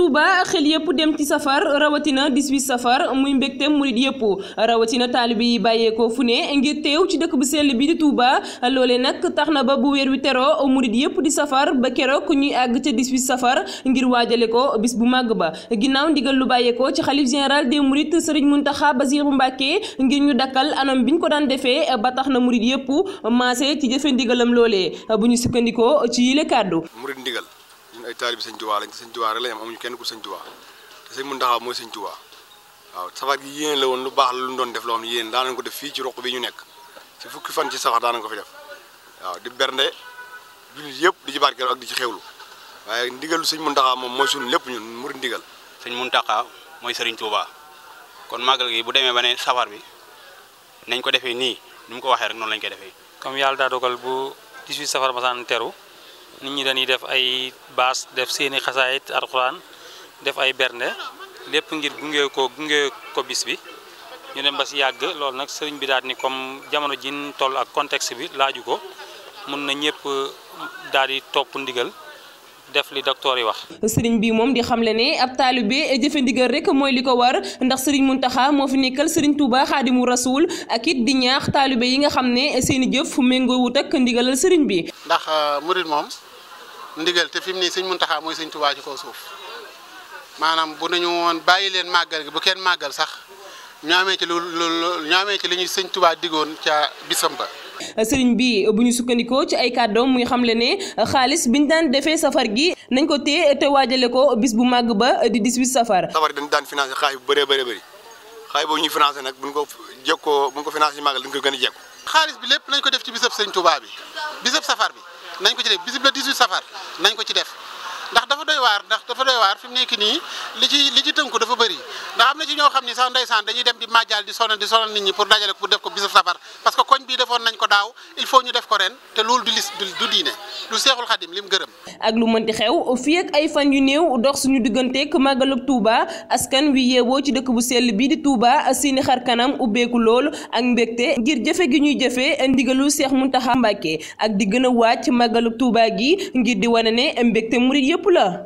Touba xel yëpp dem ci safar rawatina 18 safar muy mbégteem murit yëpp rawatina taalibe yi bàyyeekoo fu ne ngir teew ci dëkk bu sell bi di Touba loole nag tax na ba bu weer wi teroo murit yëpp di safar ba keroog ñuy àgg ca 18 safar ngir waajale ko bis bu màgg ba ginnaaw ndigal lu bàyyeekoo ci xalif général des murit Serigne Mountakha Bassirou mbàkkee ngir ñu dakkal anam bi biñ ko daan defee ba tax na murit yëpp maase ci jëfe ndigalam loolee bu ñu sukkandikoo ci ay taalibi sëñ Tuubaa lañ te sëñ Tuubaa rek lañ am mooy sëñ Tuubaa waaw safar gi yéen la woon lu baax la lu doon def loo xam ne yéen daanañ ko def fii ci roq bi ñu nekk ci fukki fan ci safar daanañ ko fi def waaw di bernde jullit yëpp di ci barkeelu ak di ci xewlu waaye ndigalu mun Muntaxa moom mooy suñu lépp ñun mur ndigal sëñ Muntaxa mooy sëriñ Tuubaa kon màggal gi bu demee ba ne safar bi nañ ko defee nii nu mu ko waxee rek noonu lañ ko defee comme yàlla daa dogal nit ñi dañuy def ay baas def seeni xasaayit alxuraan def ay bernde lépp ngir gunge ko gunge ko bis bi ñu dem ba si yàgg loolu nag sëriñ bi daal ni comme jamono ji ñu ak contexte bi laaju ko mun na ñëpp daal di topp ndigal def li docteur yi wax. sëriñ bi moom di xamle ne ab taalibe jëfe ndigal rek mooy li ko war ndax sëriñ Muntaxa moo fi nekkal sëriñ Touba Xaadimu Rasuul ak it di ñaax taalibe yi nga xam ne seen i jëf méngoowut ak ndigalal sëriñ bi. ndax uh, murid moom. ndigal te fi mu nii sëñ Muntaxa mooy sëñ Tuubaa ci kaw suuf maanaam bu nañu woon bàyyi leen màggal gi bu kenn màggal sax ñu amee ci lu lu ñu amee ci li ñu sëñ Tuubaa diggoon ca bisam ba. sëriñ bi bu ñu sukkandikoo ci ay kàddoom muy xamle ne xaalis bi biñ daan defee safar gi nañ ko téye te waajale ko bis bu màgg ba di 18 safar. safar dañ daan financé xaalis bu bëree bëri bëri xaay boobu ñuy financé nag buñ ko jekkoo buñ ko financé màggal dañ ko gën a jekku. xaalis bi lépp nañ ko def ci bisab sëñ Tuubaa bi bisab safar bi. nañ ko ci def bisib la 18 safar nañ ko ci def ndax doy waar ndax dafa doy fi mu nekk nii li ci li ci tënku dafa bëri ndax am na ci ñoo xam ni sax ndeysaan dañuy dem di màjjal di sonal di sonal nit ñi pour dajale ko pour def ko bisu safar parce que koñ bii defoon nañ ko daaw il faut ñu def ko ren te loolu du lis du diine lu seexul xadim lim gërëm. ak lu mënti xew fii ak ay fan yu néew dox suñu digganteeg màggalub Touba askan wi yeewoo ci dëkk bu sell bii di Touba seeni xar kanam ubbeeku lool ak mbégte ngir jëfe gi ñuy jëfe ndigalu Seex Muntaxa Mbàkke ak di gën a wàcc màggalub Touba gi ngir di wane ne mbégte murit yëpp la